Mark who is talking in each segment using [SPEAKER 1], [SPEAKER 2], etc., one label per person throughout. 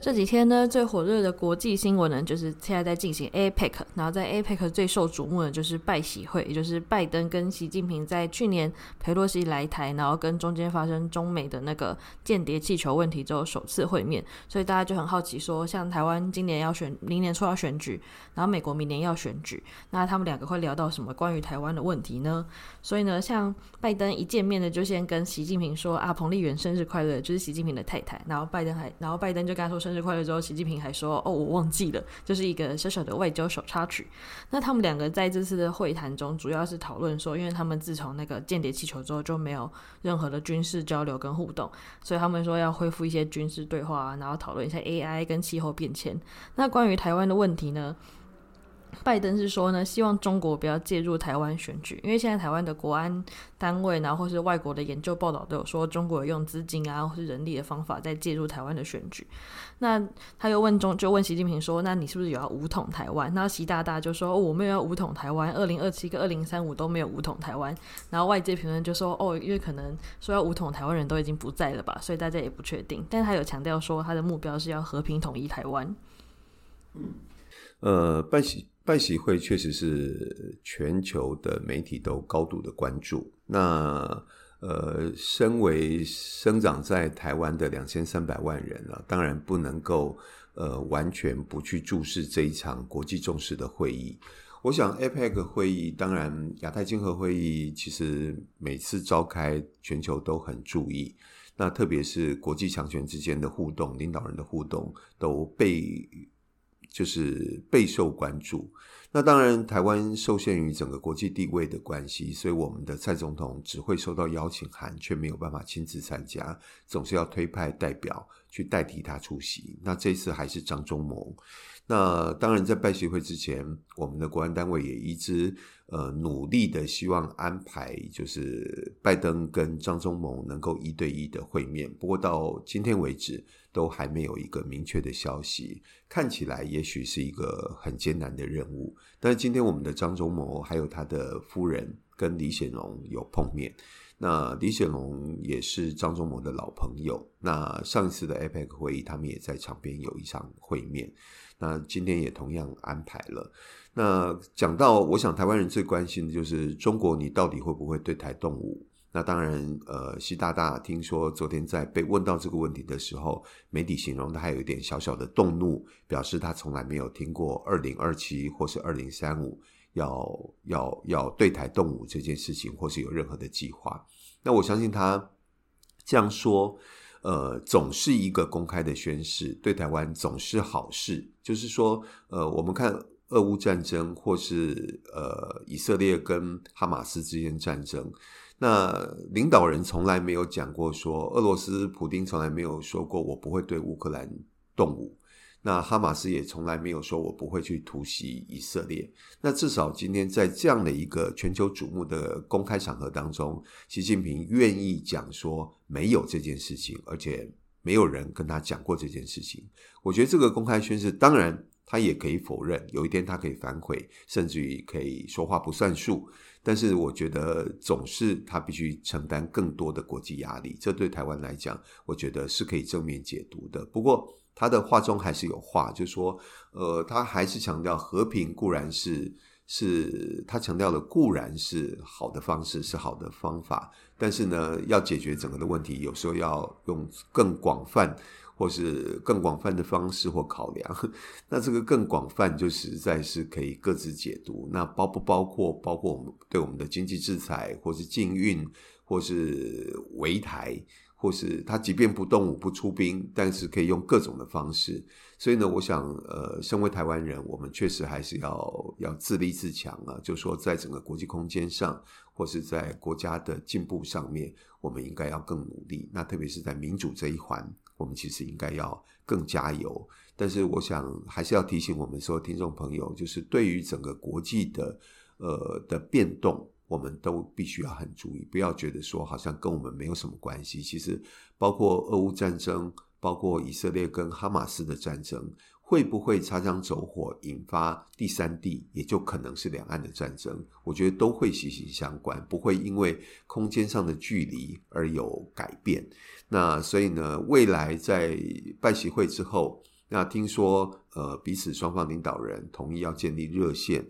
[SPEAKER 1] 這幾天呢，最火熱的國際新聞呢，就是現在在進行 APEC，然後在 APEC 最受矚目的就是拜習會，也就是拜登跟習近平在去年裴洛西來台，然後跟中間發生中美的那個間諜氣球問題之後首次會面，所以大家就很好奇說，像台灣今年要選，明年初要選舉，然後美國明年要選舉，那他們兩個會聊到什麼關於台灣的問題呢？所以呢，像拜登一見面呢，就先跟習近平說啊，彭麗媛生日快樂，就是習近平的太太，然後拜登還，然後拜登就跟他說。生日快樂之後，習近平還說：“哦，我忘記了，這、就是一個小小的外交小插曲。”那他們兩個在這次的會談中，主要是討論說，因為他們自從那個間諜氣球之後，就沒有任何的軍事交流跟互動，所以他們說要恢復一些軍事對話啊，然後討論一下 AI 跟氣候變遷。那關於台灣的問題呢？拜登是說呢，希望中國不要介入台灣選舉，因為現在台灣的國安單位然後或是外國的研究報道都有說，中國有用資金啊，或是人力的方法在介入台灣的選舉。那他又問中，就問習近平說：“那你是不是有要武統台灣？”那習大大就說：“哦，我沒有要武統台灣，二零二七跟二零三五都沒有武統台灣。”然後外界評論就說：“哦，因為可能說要武統台灣人都已經不在了吧，所以大家也不確定。”但他有強調說，他的目標是要和平統一台灣。嗯。
[SPEAKER 2] 呃，拜習拜習會確實是全球的媒體都高度的關注。那呃，身為生長在台灣的兩千三百萬人啊，當然不能夠呃完全不去注視這一場國際重視的會議。我想 APEC 會議，當然亞太經合會議，其實每次召開，全球都很注意。那特別是國際強權之間的互動，領導人的互動都被。就是備受關注。那當然，台灣受限於整個國際地位的關係，所以我們的蔡總統只會收到邀請函，卻沒有辦法親自參加，總是要推派代表，去代替他出席，那這次還是張忠謀。那當然，在拜習會之前，我們的國安單位也一直呃努力的希望安排，就是拜登跟張忠謀能夠一對一的會面。不過到今天為止，都還沒有一個明確的消息。看起來也許是一個很艱難的任務。但是今天，我們的張忠謀還有他的夫人跟李顯龍有碰面。那李顯龍也是張忠謀的老朋友。那上一次的 APEC 會議，他們也在場邊有一場會面。那今天也同樣安排了。那講到，我想台灣人最關心的就是中國，你到底會不會對台動武？那當然，呃，習大大聽說昨天在被問到這個問題的時候，媒體形容他還有一點小小的動怒，表示他從來沒有聽過二零二七或是二零三五。要要要對台動武這件事情，或是有任何的計劃，那我相信他這樣說，呃，總是一個公開的宣示，對台灣總是好事。就是說，呃，我們看俄烏戰爭，或是呃以色列跟哈馬斯之間戰爭，那領導人從來沒有講過說，說俄羅斯普丁從來沒有說過，我不會對烏克蘭動武。那哈馬斯也從來沒有說，我不會去突襲以色列。那至少今天在這樣的一個全球矚目的公開場合當中，習近平願意講說沒有這件事情，而且沒有人跟他講過這件事情。我覺得這個公開宣誓，當然他也可以否認，有一天他可以反悔，甚至於可以說話不算數。但是我覺得總是他必須承擔更多的國際壓力，這對台灣來講，我覺得是可以正面解讀的。不過，他的話中還是有話，就是說，呃，他還是強調和平固然是是，他強調的固然是好的方式，是好的方法，但是呢，要解決整個的問題，有時候要用更廣泛或是更廣泛的方式或考量。那這個更廣泛就實在是可以各自解讀。那包不包括包括我們對我們的經濟制裁，或是禁運，或是圍台？或是他即便不動武不出兵，但是可以用各種的方式。所以呢，我想，呃，身為台灣人，我們確實還是要要自立自強啊。就說在整個國際空間上，或是在國家的進步上面，我們應該要更努力。那特別是在民主這一環，我們其實應該要更加油。但是，我想還是要提醒我們所有聽眾朋友，就是對於整個國際的呃的變動。我們都必須要很注意，不要覺得說好像跟我們沒有什麼關係。其實，包括俄烏戰爭，包括以色列跟哈馬斯的戰爭，會不會擦槍走火引發第三地，也就可能是兩岸的戰爭。我覺得都會息息相關，不會因為空間上的距離而有改變。那所以呢，未來在拜習會之後，那聽說呃彼此雙方領導人同意要建立熱線。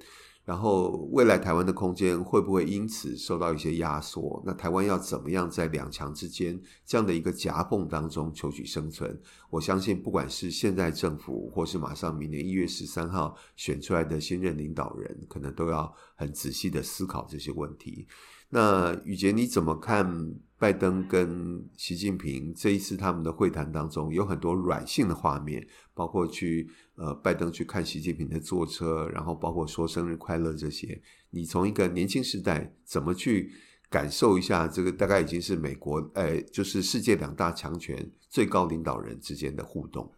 [SPEAKER 2] 然後，未來台灣的空間會不會因此受到一些壓縮？那台灣要怎麼樣在兩強之間這樣的一個夾縫當中求取生存？我相信，不管是現在政府，或是馬上明年一月十三號選出來的新任領導人，可能都要很仔細的思考這些問題。那宇杰，你怎麼看拜登跟習近平這一次他們的會談當中有很多軟性的畫面，包括去呃拜登去看習近平的坐車，然後包括說生日快樂這些？你從一個年輕時代怎麼去感受一下這個？大概已經是美國、哎、就是世界兩大強權最高領導人之間的互動。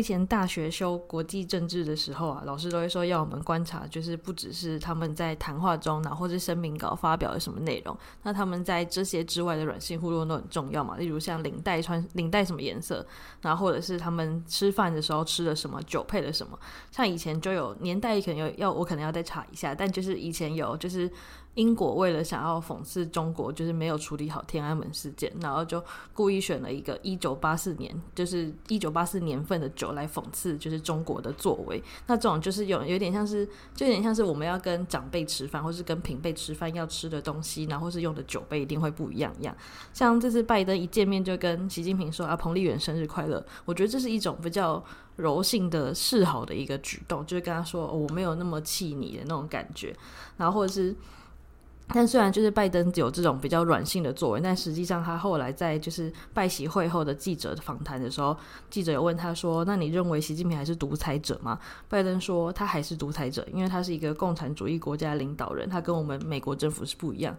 [SPEAKER 1] 以前大學修國際政治的時候啊，老師都會說要我們觀察，就是不只是他們在談話中，然後或是聲明稿發表了什麼內容，那他們在這些之外的軟性互動都很重要嘛。例如像領帶穿領帶什麼顏色，然後或者是他們吃飯的時候吃了什麼酒配了什麼，像以前就有年代可能有要我可能要再查一下，但就是以前有就是。英國為了想要諷刺中國，就是沒有處理好天安門事件，然後就故意選了一個一九八四年，就是一九八四年份的酒來諷刺，就是中國的作為。那這種就是有有點像是，就有點像是我們要跟長輩吃飯，或是跟平輩吃飯要吃的東西，然後是用的酒杯一定會不一樣一樣。像這次拜登一見面就跟習近平說啊，彭麗媛生日快樂，我覺得這是一種比較柔性的示好的一個舉動，就是跟他說，哦，我沒有那麼氣你的那種感覺，然後或者是。但雖然就是拜登有這種比較軟性的作為，但實際上他後來在就是拜習會後的記者訪談的時候，記者有問他說：“那你認為習近平還是獨裁者嗎？”拜登說：“他還是獨裁者，因為他是一個共產主義國家領導人，他跟我們美國政府是不一樣。”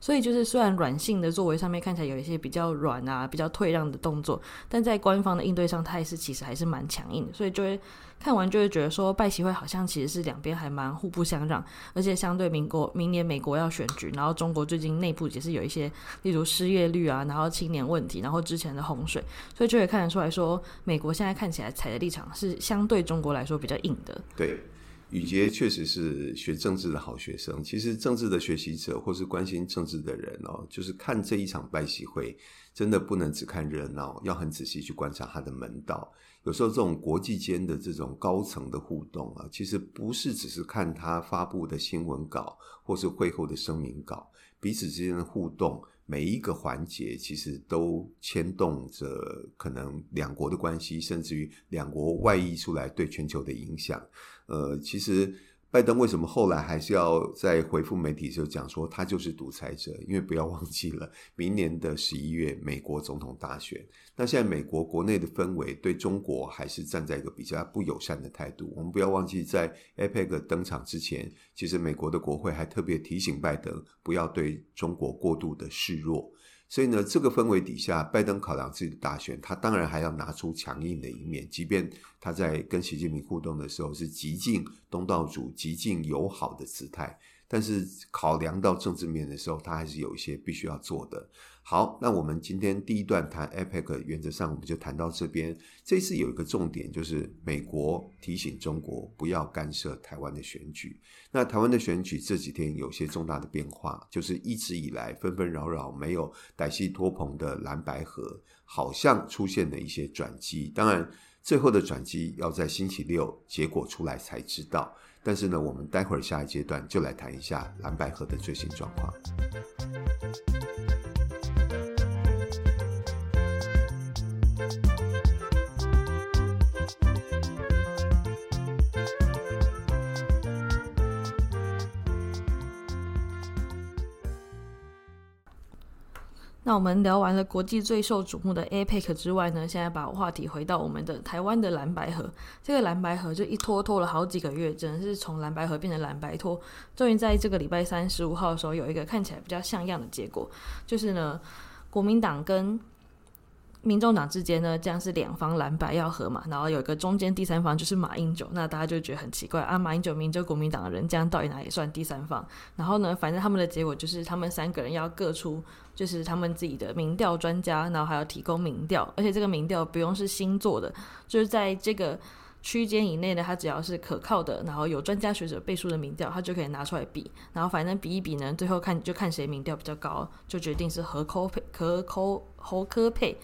[SPEAKER 1] 所以就是雖然軟性的作為上面看起來有一些比較軟啊、比較退讓的動作，但在官方的應對上他也是其實還是蠻強硬的。所以就會。看完就會覺得說，拜習會好像其實是兩邊還蠻互不相讓，而且相對民國，明年美國要選舉，然後中國最近內部也是有一些，例如失業率啊，然後青年問題，然後之前的洪水，所以就會看得出來說，美國現在看起來踩的立場是相對中國來說比較硬的。
[SPEAKER 2] 對，宇杰確實是學政治的好學生。嗯、其實政治的學習者或是關心政治的人哦、喔，就是看這一場拜習會，真的不能只看熱鬧，要很仔細去觀察他的門道。有時候這種國際間的這種高層的互動啊，其實不是只是看他發佈的新聞稿或是會後的聲明稿，彼此之間的互動每一個環節，其實都牽動着可能兩國的關係，甚至於兩國外溢出來對全球的影響。呃，其實。拜登為什麼後來還是要在回復媒體，就講說他就是獨裁者？因為不要忘記了，明年的十一月美國總統大選。那現在美國國內的氛圍對中國還是站在一個比較不友善的態度。我們不要忘記，在 APEC 登場之前，其實美國的國會還特別提醒拜登不要對中國過度的示弱。所以呢，這個氛圍底下，拜登考量自己的大選，他當然還要拿出強硬的一面，即便他在跟習近平互動的時候是極盡東道主、極盡友好的姿態。但是考量到政治面的時候，它還是有一些必須要做的。好，那我們今天第一段談 APEC，原則上我們就談到這邊。這次有一個重點，就是美國提醒中國不要干涉台灣的選舉。那台灣的選舉這幾天有些重大的變化，就是一直以來紛紛擾擾沒有歹戲拖棚的藍白合好像出現了一些轉機。當然，最後的轉機要在星期六結果出來才知道。但是呢，我們待會兒下一階段就來談一下藍百合的最新狀況。
[SPEAKER 1] 那我們聊完了國際最受矚目的 APEC 之外呢，現在把話題回到我們的台灣的藍白合。這個藍白合就一拖拖了好幾個月，真的是從藍白合變成藍白拖。終於在這個禮拜三十五號的時候，有一個看起來比較像樣的結果，就是呢，國民黨跟民眾黨之間呢，這樣是兩方藍白要合嘛，然後有一個中間第三方就是馬英九，那大家就覺得很奇怪啊，馬英九明就國民黨的人，這樣到底哪裡算第三方？然後呢，反正他們的結果就是他們三個人要各出，就是他們自己的民調專家，然後還要提供民調，而且這個民調不用是新做的，就是在這個區間以內呢，他只要是可靠的，然後有專家學者背書的民調，他就可以拿出來比，然後反正比一比呢，最後看就看誰民調比較高，就決定是侯柯配，侯柯侯柯配。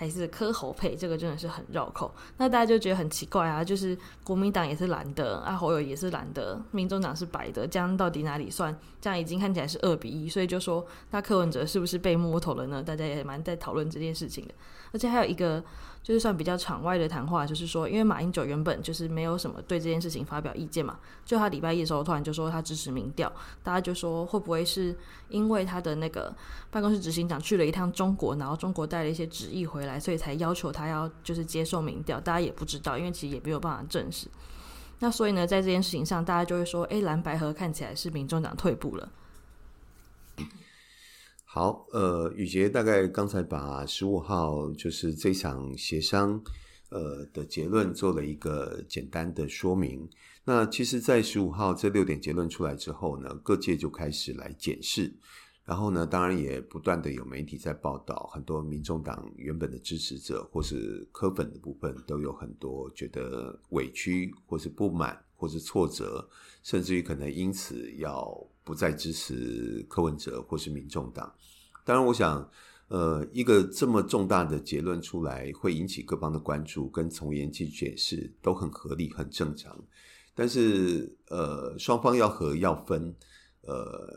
[SPEAKER 1] 還是柯侯配，這個真的是很繞口。那大家就覺得很奇怪啊，就是國民黨也是藍的啊，侯友也是藍的，民眾黨是白的，這樣到底哪裡算？這樣已經看起來是二比一，所以就說那柯文哲是不是被摸頭了呢？大家也蠻在討論這件事情的，而且還有一個。就是算比較場外的談話，就是說，因為馬英九原本就是沒有什麼對這件事情發表意見嘛，就他禮拜一的時候突然就說他支持民調，大家就說會不會是因為他的那個辦公室執行長去了一趟中國，然後中國帶了一些旨意回來，所以才要求他要就是接受民調，大家也不知道，因為其實也沒有辦法證實。那所以呢，在這件事情上，大家就會說，誒，藍白合看起來是民眾黨退步了。
[SPEAKER 2] 好，呃，宇傑大概剛才把十五號就是這場協商，呃的結論做了一個簡單的說明。那其實，在十五號這六點結論出來之後呢，各界就開始來檢視，然後呢，當然也不斷的有媒體在報道，很多民眾黨原本的支持者或是柯粉的部分，都有很多覺得委屈，或是不滿，或是挫折，甚至於可能因此要不再支持柯文哲或是民眾黨。當然，我想，呃，一個這麼重大的結論出來，會引起各方的關注跟從嚴去解釋，都很合理、很正常。但是，呃，雙方要和要分，呃，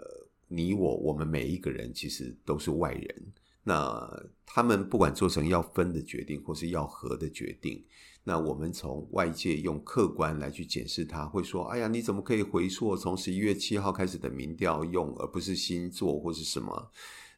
[SPEAKER 2] 你我我們每一個人其實都是外人。那他們不管做成要分的決定，或是要和的決定，那我們從外界用客觀來去解釋它，他會說，哎呀，你怎麼可以回溯從十一月七號開始的民調用，而不是新做或是什麼？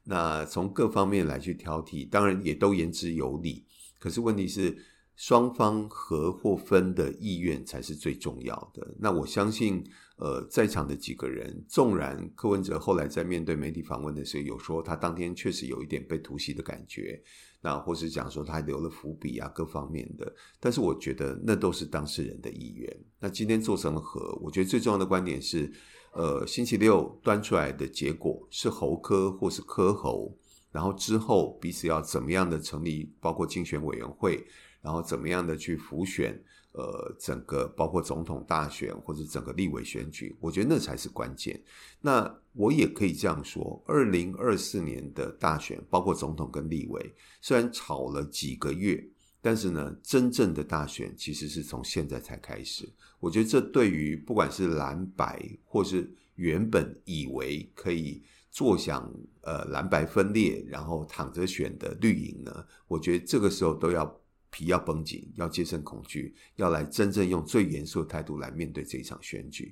[SPEAKER 2] 那從各方面來去挑剔，當然也都言之有理。可是問題是，雙方合或分的意願才是最重要的。那我相信，呃，在場的幾個人，縱然柯文哲後來在面對媒體訪問的時候，有說他當天確實有一點被突襲的感覺，那或是講說他留了伏筆啊，各方面的。但是我覺得那都是當事人的意願。那今天做成了合，我覺得最重要的觀點是。呃，星期六端出來的結果是侯柯或是柯侯，然後之後彼此要怎麼樣的成立，包括競選委員會，然後怎麼樣的去輔選，呃，整個包括總統大選或者是整個立委選舉，我覺得那才是關鍵。那我也可以這樣說，二零二四年的大選，包括總統跟立委，雖然吵了幾個月。但是呢，真正的大選其實是從現在才開始。我覺得這對於不管是藍白，或是原本以為可以坐享呃藍白分裂，然後躺着選的綠營呢，我覺得這個時候都要皮要繃緊，要戒慎恐懼，要來真正用最嚴肅的態度來面對這一場選舉。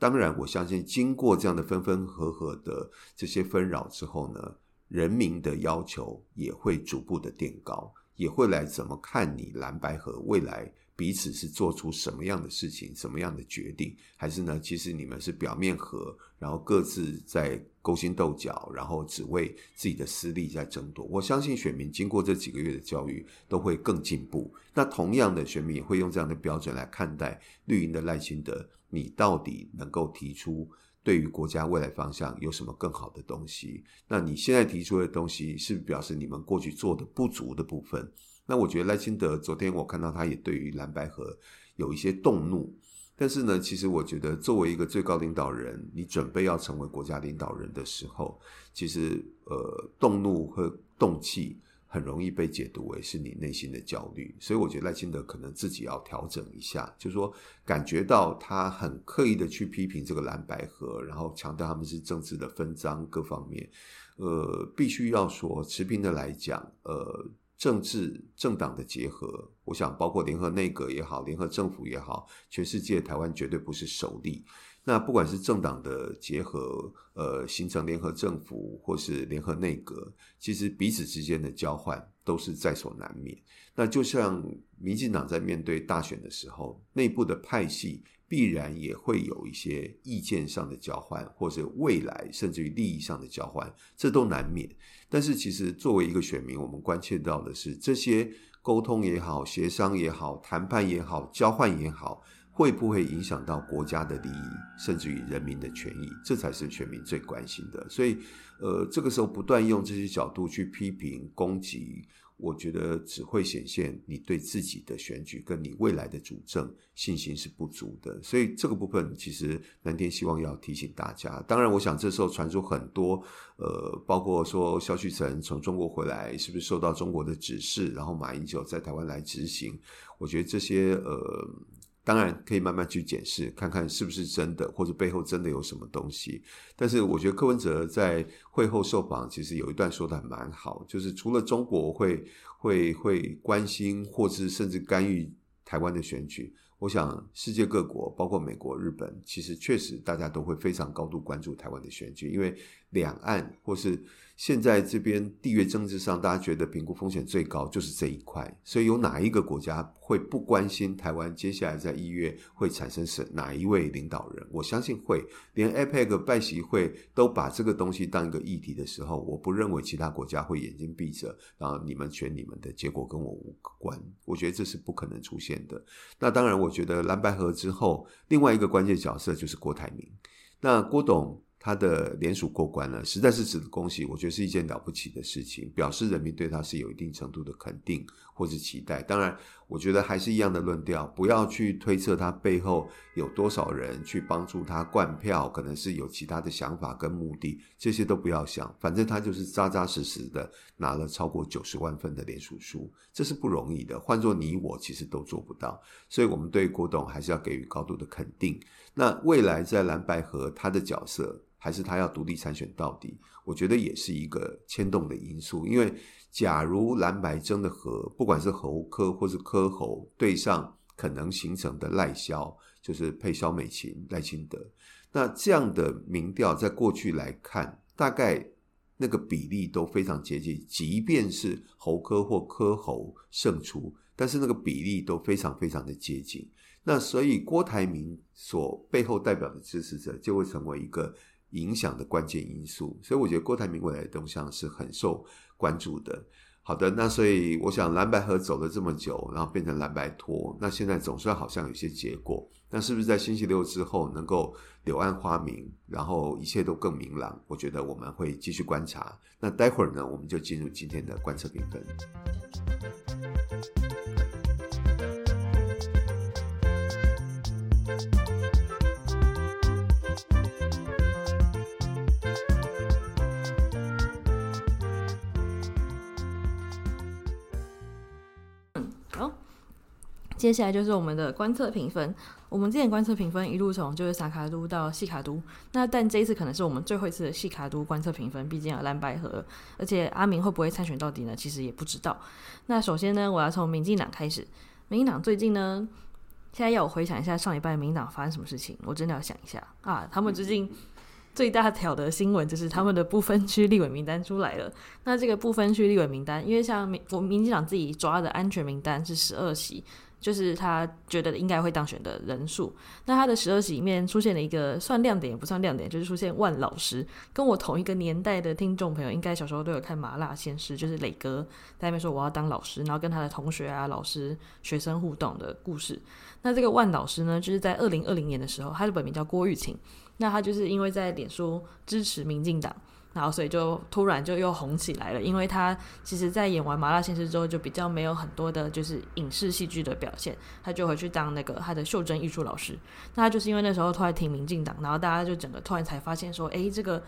[SPEAKER 2] 當然，我相信經過這樣的分分合合的這些紛擾之後呢，人民的要求也會逐步的墊高。也會來怎麼看你藍白合未來彼此是做出什麼樣的事情，什麼樣的決定，還是呢？其實你們是表面和，然後各自在勾心鬥角，然後只為自己的私利在爭奪。我相信選民經過這幾個月的教育，都會更進步。那同樣的選民也會用這樣的標準來看待綠營的賴清德，你到底能夠提出？對於國家未來方向有什麼更好的東西？那你現在提出的東西是表示你們過去做的不足的部分？那我覺得賴清德昨天我看到他也對於藍白合有一些動怒，但是呢，其實我覺得作為一個最高領導人，你準備要成為國家領導人的時候，其實呃動怒和動氣。很容易被解讀為是你內心的焦慮，所以我覺得賴清德可能自己要調整一下，就是說感覺到他很刻意的去批評這個藍白合，然後強調他們是政治的分贓各方面，呃，必須要說持平的來講，呃，政治政黨的結合，我想包括聯合內閣也好，聯合政府也好，全世界台灣絕對不是首例。那不管是政黨的結合，呃，形成聯合政府或是聯合內閣，其實彼此之間的交換都是在所難免。那就像民進黨在面對大選的時候，內部的派系必然也會有一些意見上的交換，或是未來甚至於利益上的交換，這都難免。但是，其實作為一個選民，我們關切到的是這些溝通也好、協商也好、談判也好、交換也好。會不會影響到國家的利益，甚至於人民的權益？這才是全民最關心的。所以，呃，這個時候不斷用這些角度去批評攻擊，我覺得只會顯現你對自己的選舉跟你未來的主政信心是不足的。所以，這個部分其實南天希望要提醒大家。當然，我想這時候傳出很多，呃，包括說蕭旭岑從中國回來是不是受到中國的指示，然後馬英九在台灣來執行。我覺得這些呃。當然可以慢慢去檢視，看看是不是真的，或者背後真的有什麼東西。但是我覺得柯文哲在會後受訪，其實有一段說得還蠻好，就是除了中國會會會關心，或是甚至干預台灣的選舉，我想世界各國，包括美國、日本，其實確實大家都會非常高度關注台灣的選舉，因為，兩岸或是現在這邊地緣政治上，大家覺得評估風險最高就是這一塊，所以有哪一個國家會不關心台灣接下來在一月會產生哪一位領導人？我相信會，連 APEC 拜習會都把這個東西當一個議題的時候，我不認為其他國家會眼睛閉着，然後你們選你們的，結果跟我無關。我覺得這是不可能出現的。那當然，我覺得藍白合之後，另外一個關鍵角色就是郭台銘。那郭董。他的聯署過關了，實在是值得恭喜。我覺得是一件了不起的事情，表示人民對他是有一定程度的肯定。或者是期待，當然，我覺得還是一樣的論調，不要去推測他背後有多少人去幫助他灌票，可能是有其他的想法跟目的，這些都不要想，反正他就是紮紮實實的拿了超過九十萬份的連署書，這是不容易的，換做你我其實都做不到，所以我們對郭董還是要給予高度的肯定。那未來在藍白合他的角色，還是他要獨立參選到底，我覺得也是一個牽動的因素，因為。假如藍白真的合，不管是侯柯或是柯侯對上可能形成的賴蕭，就是配蕭美琴賴清德，那這樣的民調在過去來看，大概那個比例都非常接近。即便是侯柯或柯侯勝出，但是那個比例都非常非常的接近。那所以郭台銘所背後代表的支持者，就會成為一個影響的關鍵因素。所以我覺得郭台銘未來的動向是很受。關注的，好的，那所以我想藍白合走了這麼久，然後變成藍白拖，那現在總算好像有些結果，那是不是在星期六之後能夠柳暗花明，然後一切都更明朗？我覺得我們會繼續觀察，那待會兒呢，我們就進入今天的觀測評分，分。
[SPEAKER 1] 接下來就是我們的觀測評分。我們之前的觀測評分一路從就是三腳督到四腳督，那但這一次可能是我們最後一次的四腳督觀測評分。畢竟有藍白合，而且阿明會不會參選到底呢？其實也不知道。那首先呢，我要從民進黨開始。民進黨最近呢，現在要我回想一下上一半民進黨發生什麼事情，我真的要想一下啊。他們最近最大條的新聞就是他們的不分區立委名單出來了。那這個不分區立委名單，因為像民我們民進黨自己抓的安全名單是十二席。就是他覺得應該會當選的人數。那他的十二席裡面出現了一個算亮點也不算亮點，就是出現萬老師。跟我同一個年代的聽眾朋友，應該小時候都有看《麻辣鮮師》，就是磊哥在那邊說我要當老師，然後跟他的同學啊、老師、學生互動的故事。那這個萬老師呢，就是在二零二零年的時候，他的本名叫郭玉琴。那他就是因為在臉書支持民進黨。然後，所以就突然就又紅起來了，因為他其實，在演完《麻辣鮮師》之後，就比較沒有很多的，就是影視戲劇的表現，他就回去當那個他的袖珍藝術老師。那他就是因為那時候突然挺民進黨，然後大家就整個突然才發現說，誒，這個。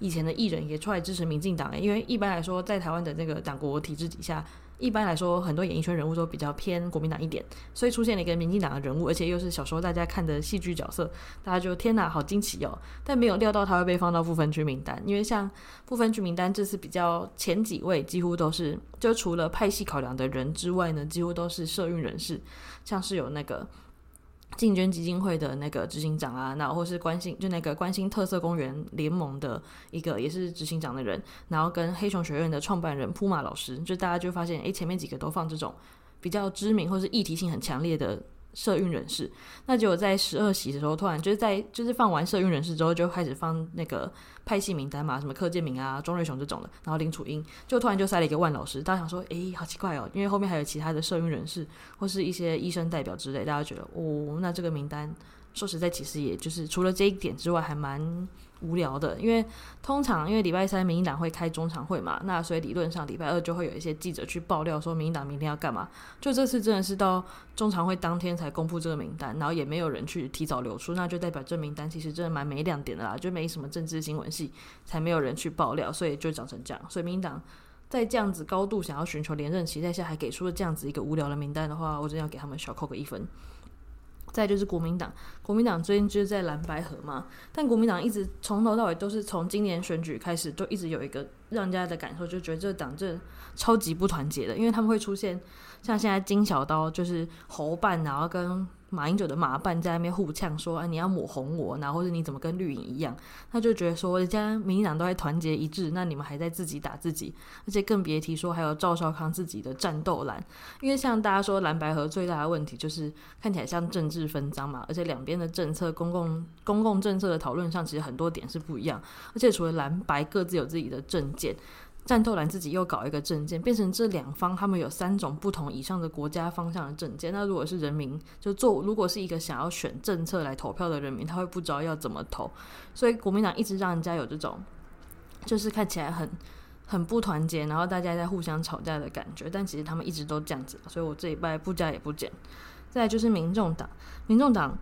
[SPEAKER 1] 以前的藝人也出來支持民進黨。欸，因為一般來說，在台灣的那個黨國體制底下，一般來說很多演藝圈人物都比較偏國民黨一點，所以出現了一個民進黨的人物，而且又是小時候大家看的戲劇角色，大家就天哪，好驚奇哦，喔！但沒有料到他會被放到不分區名單，因為像不分區名單這次比較前幾位，幾乎都是就除了派系考量的人之外呢，幾乎都是社運人士，像是有那個。競捐基金會的那個執行長啊，然後或是關心就那個關心特色公園聯盟的一個也是執行長的人，然後跟黑熊學院的創辦人 Puma 老師，就大家就發現，哎、欸，前面幾個都放這種比較知名或是議題性很強烈的。社運人士，那結果在十二席的時候，突然就是在就是放完社運人士之後，就開始放那個派系名單嘛，什麼柯建銘啊、莊瑞雄這種的，然後林楚茵就突然就塞了一個萬老師，大家想說，誒、欸，好奇怪哦，因為後面還有其他的社運人士或是一些醫生代表之類，大家覺得，哦，那這個名單說實在，其實也就是除了這一點之外還，還蠻，無聊的，因為通常因為禮拜三民進黨會開中常會嘛，那所以理論上禮拜二就會有一些記者去爆料說民進黨明天要幹嘛。就這次真的是到中常會當天才公布這個名單，然後也沒有人去提早流出，那就代表這名單其實真的蠻沒亮點的啦，就沒什麼政治新聞性才沒有人去爆料，所以就長成這樣。所以民進黨在這樣子高度想要尋求連任期待下，還給出了這樣子一個無聊的名單的話，我真的要給他們小扣個一分。再就是國民黨，國民黨最近就是在藍白合嘛，但國民黨一直從頭到尾都是從今年選舉開始，都一直有一個讓人家的感受，就覺得這黨真的超級不團結的，因為他們會出現像現在金小刀就是侯辦，然後跟。馬英九的馬辦在那邊互嗆，說啊你要抹紅我，然後或者你怎麼跟綠營一樣？他就覺得說，人家民進黨都在團結一致，那你們還在自己打自己，而且更別提說還有趙少康自己的戰鬥藍，因為像大家說藍白合最大的問題就是看起來像政治分贓嘛，而且兩邊的政策公共、公共政策的討論上，其實很多點是不一樣，而且除了藍白各自有自己的政見。戰鬥藍自己又搞一個政見，變成這兩方他們有三種不同以上的國家方向的政見。那如果是人民，就做如果是一個想要選政策來投票的人民，他會不知道要怎麼投。所以國民黨一直讓人家有這種，就是看起來很很不團結，然後大家在互相吵架的感覺。但其實他們一直都這樣子，所以我這一拜不加也不減。再來就是民眾黨，民眾黨。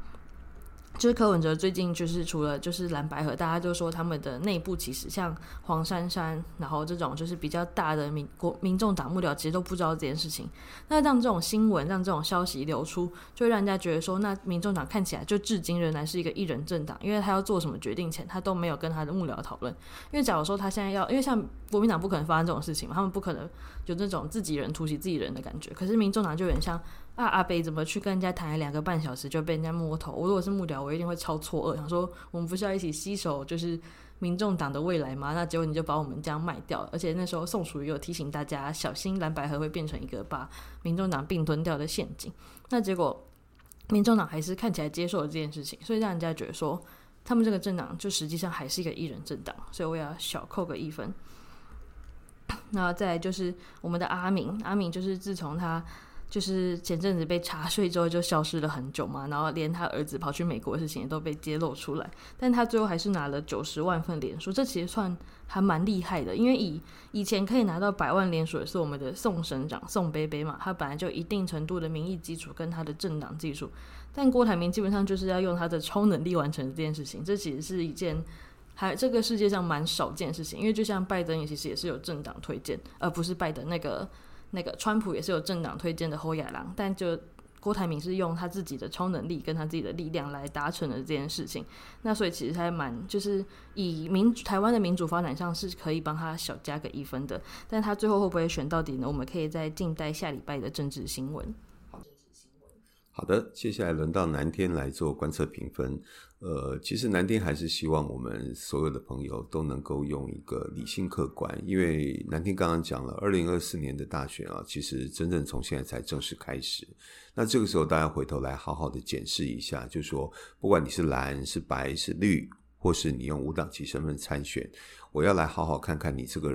[SPEAKER 1] 就是柯文哲最近就是除了就是藍白合，大家就說他們的內部其實像黃珊珊，然後這種就是比較大的民國民眾黨幕僚，其實都不知道這件事情。那讓這種新聞，讓這種消息流出，就讓人家覺得說，那民眾黨看起來就至今仍然是一個一人政黨，因為他要做什麼決定前，他都沒有跟他的幕僚討論。因為假如說他現在要，因為像國民黨不可能發生這種事情嘛，他們不可能有那種自己人突襲自己人的感覺。可是民眾黨就有點像。啊、阿阿北怎麼去跟人家談兩個半小時就被人家摸頭？我如果是幕僚，我一定會超錯愕，想說我們不是要一起攜手，就是民眾黨的未來嗎？那結果你就把我們這樣賣掉了，而且那時候宋楚瑜有提醒大家小心藍白合會變成一個把民眾黨併吞掉的陷阱。那結果民眾黨還是看起來接受了這件事情，所以讓人家覺得說他們這個政黨就實際上還是一個一人政黨，所以我要小扣個一分。那再來就是我們的阿敏，阿敏就是自從他。就是前陣子被查稅之後就消失了很久嘛，然後連他兒子跑去美國的事情也都被揭露出來，但他最後還是拿了九十萬份聯署，這其實算還蠻厲害的，因為以以前可以拿到百萬連署是我們的宋省長宋貝貝嘛，他本來就有一定程度的民意基礎跟他的政黨基礎，但郭台銘基本上就是要用他的超能力完成這件事情，這其實是一件還這個世界上蠻少見的事情，因為就像拜登，也其實也是有政黨推薦，而不是拜登那個。那個川普也是有政黨推薦的侯亞郎，但就郭台銘是用他自己的超能力跟他自己的力量來達成了這件事情。那所以其實他還蠻就是以民主台灣的民主發展上是可以幫他小加個一分的，但他最後會不會選到底呢？我們可以在靜待下禮拜的政治新聞。
[SPEAKER 2] 好，政治新聞。好的，接下來輪到南天來做觀測評分。呃，其實南丁還是希望我們所有的朋友都能夠用一個理性客觀，因為南丁剛剛講了，二零二四年的大選啊，其實真正從現在才正式開始。那這個時候，大家回頭來好好的檢視一下，就說不管你是藍是白是綠，或是你用無黨籍身份參選，我要來好好看看你這個。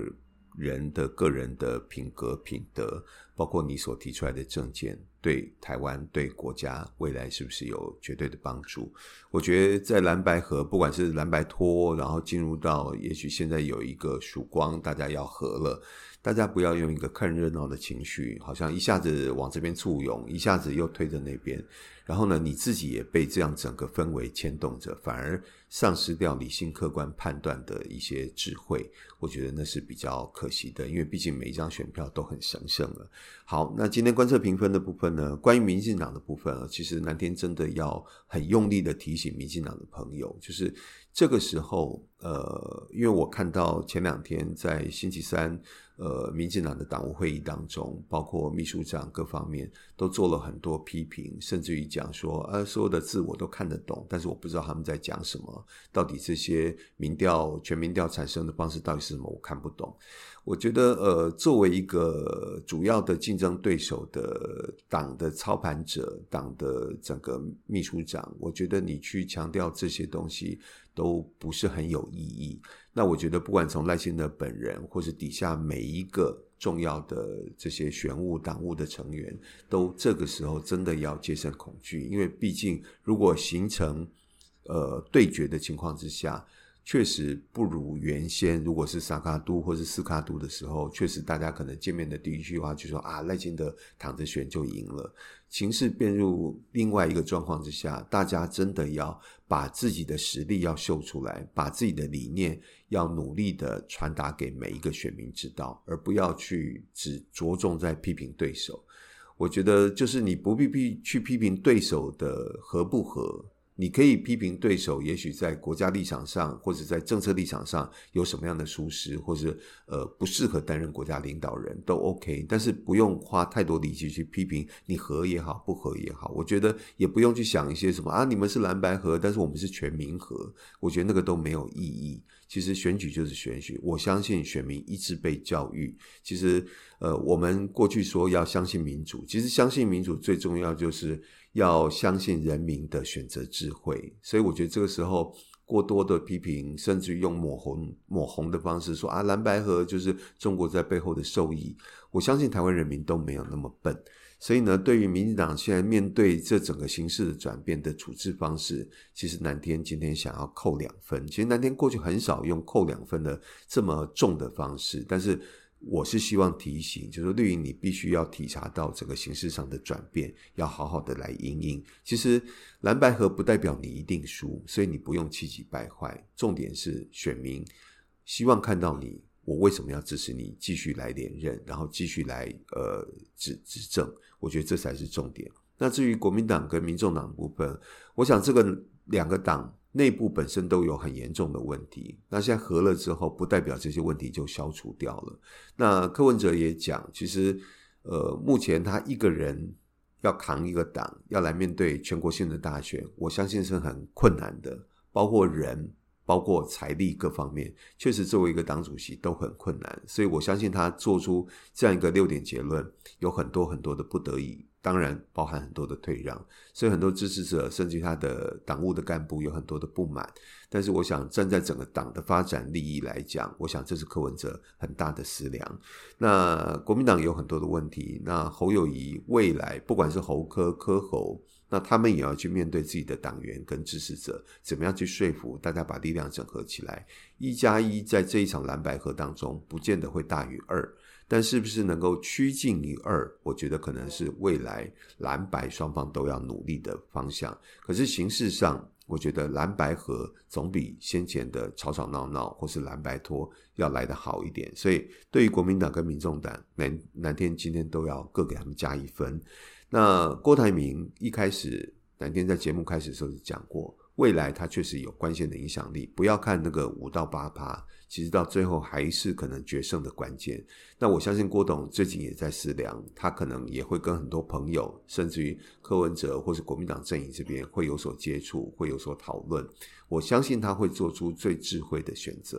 [SPEAKER 2] 人的個人的品格、品德，包括你所提出來的政見，對台灣、對國家未來是不是有絕對的幫助？我覺得在藍白合，不管是藍白拖，然後進入到也許現在有一個曙光，大家要合了，大家不要用一個看熱鬧的情緒，好像一下子往這邊簇擁，一下子又推着那邊，然後呢，你自己也被這樣整個氛圍牽動着，反而。喪失掉理性客觀判斷的一些智慧，我覺得那是比較可惜的，因為畢竟每一張選票都很神聖了。好，那今天觀測評分的部分呢？關於民進黨的部分啊，其實南天真的要很用力的提醒民進黨的朋友，就是這個時候，呃，因為我看到前兩天在星期三。呃，民進黨的黨務會議當中，包括秘書長各方面，都做了很多批評，甚至於講說，啊，所有的字我都看得懂，但是我不知道他們在講什麼。到底這些民調、全民調產生的方式到底是什麼？我看不懂。我覺得，呃，作為一個主要的競爭對手的黨的操盤者、黨的整個秘書長，我覺得你去強調這些東西，都不是很有意義。那我覺得，不管從賴清德本人，或是底下每一個重要的這些選務黨務的成員，都這個時候真的要戒慎恐懼，因為畢竟如果形成呃對決的情況之下。確實不如原先，如果是三腳督或是四腳督的時候，確實大家可能見面的第一句話就說啊，賴清德躺着選就贏了。情勢變入另外一個狀況之下，大家真的要把自己的實力要秀出來，把自己的理念要努力的傳達給每一個選民知道，而不要去只着重在批評對手。我覺得就是你不必批去批評對手的合不合。你可以批評對手，也許在國家立場上或者在政策立場上有什麼樣的疏失，或者呃不適合擔任國家領導人都 OK，但是不用花太多力氣去批評你合也好、不合也好，我覺得也不用去想一些什麼啊，你們是藍白合，但是我們是全民合，我覺得那個都沒有意義。其實選舉就是選舉，我相信選民一直被教育。其實，呃，我們過去說要相信民主，其實相信民主最重要就是要相信人民的選擇智慧。所以，我覺得這個時候過多的批評，甚至於用抹紅抹紅的方式說啊，藍白合就是中國在背後的受益，我相信台灣人民都沒有那麼笨。所以呢，對於民進黨現在面對這整個形勢的轉變的處置方式，其實南天今天想要扣兩分。其實南天過去很少用扣兩分的這麼重的方式，但是我是希望提醒，就是說綠營你必須要體察到整個形勢上的轉變，要好好的來因應。其實藍白合不代表你一定輸，所以你不用氣急敗壞。重點是選民希望看到你。我為什麼要支持你繼續來連任，然後繼續來呃執執政？我覺得這才是重點。那至於國民黨跟民眾黨的部分，我想這個兩個黨內部本身都有很嚴重的問題。那現在合了之後，不代表這些問題就消除掉了。那柯文哲也講，其實呃，目前他一個人要扛一個黨，要來面對全國性的大選，我相信是很困難的，包括人。包括財力各方面，確實作為一個黨主席都很困難，所以我相信他做出這樣一個六點結論，有很多很多的不得已，當然包含很多的退讓，所以很多支持者甚至他的黨務的幹部有很多的不滿。但是我想站在整個黨的發展利益來講，我想這是柯文哲很大的思量。那國民黨有很多的問題，那侯友宜未來不管是侯科柯侯，那他們也要去面對自己的黨員跟支持者，怎麼樣去說服大家把力量整合起來？一加一在這一場藍白合當中，不見得會大於二，但是不是能夠趨近於二？我覺得可能是未來藍白雙方都要努力的方向。可是形式上，我覺得藍白合總比先前的吵吵鬧鬧或是藍白拖要來得好一點。所以，對於國民黨跟民眾黨，南南天今天都要各給他們加一分。那郭台銘一開始，藍天在節目開始的時候講過，未來他確實有關鍵的影響力，不要看那個五到八趴。其實到最後還是可能決勝的關鍵。那我相信郭董最近也在思量，他可能也會跟很多朋友，甚至於柯文哲或是國民黨陣營這邊會有所接觸，會有所討論。我相信他會做出最智慧的選擇。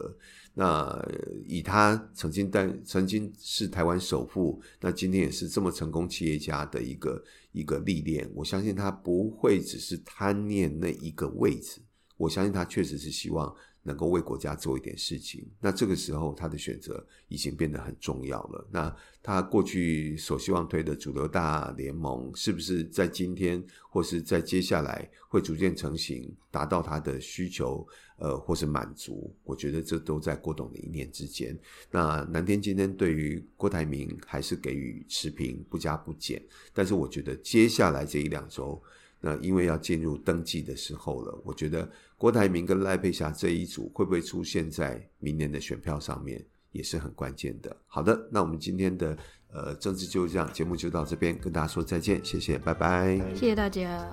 [SPEAKER 2] 那以他曾經但曾經是台灣首富，那今天也是這麼成功企業家的一個一個歷練，我相信他不會只是貪念那一個位置。我相信他確實是希望。能夠為國家做一點事情，那這個時候他的選擇已經變得很重要了。那他過去所希望推的主流大聯盟，是不是在今天或是在接下來會逐漸成型，達到他的需求，呃，或是滿足？我覺得這都在郭董的一念之間。那藍天今天對於郭台銘還是給予持平，不加不減。但是我覺得接下來這一兩周，那因為要進入登記的時候了，我覺得。郭台銘跟賴佩霞這一組會不會出現在明年的選票上面，也是很關鍵的。好的，那我們今天的呃政治就是醬節目就到這邊，跟大家說再見，謝謝，拜拜，謝
[SPEAKER 1] 謝大家。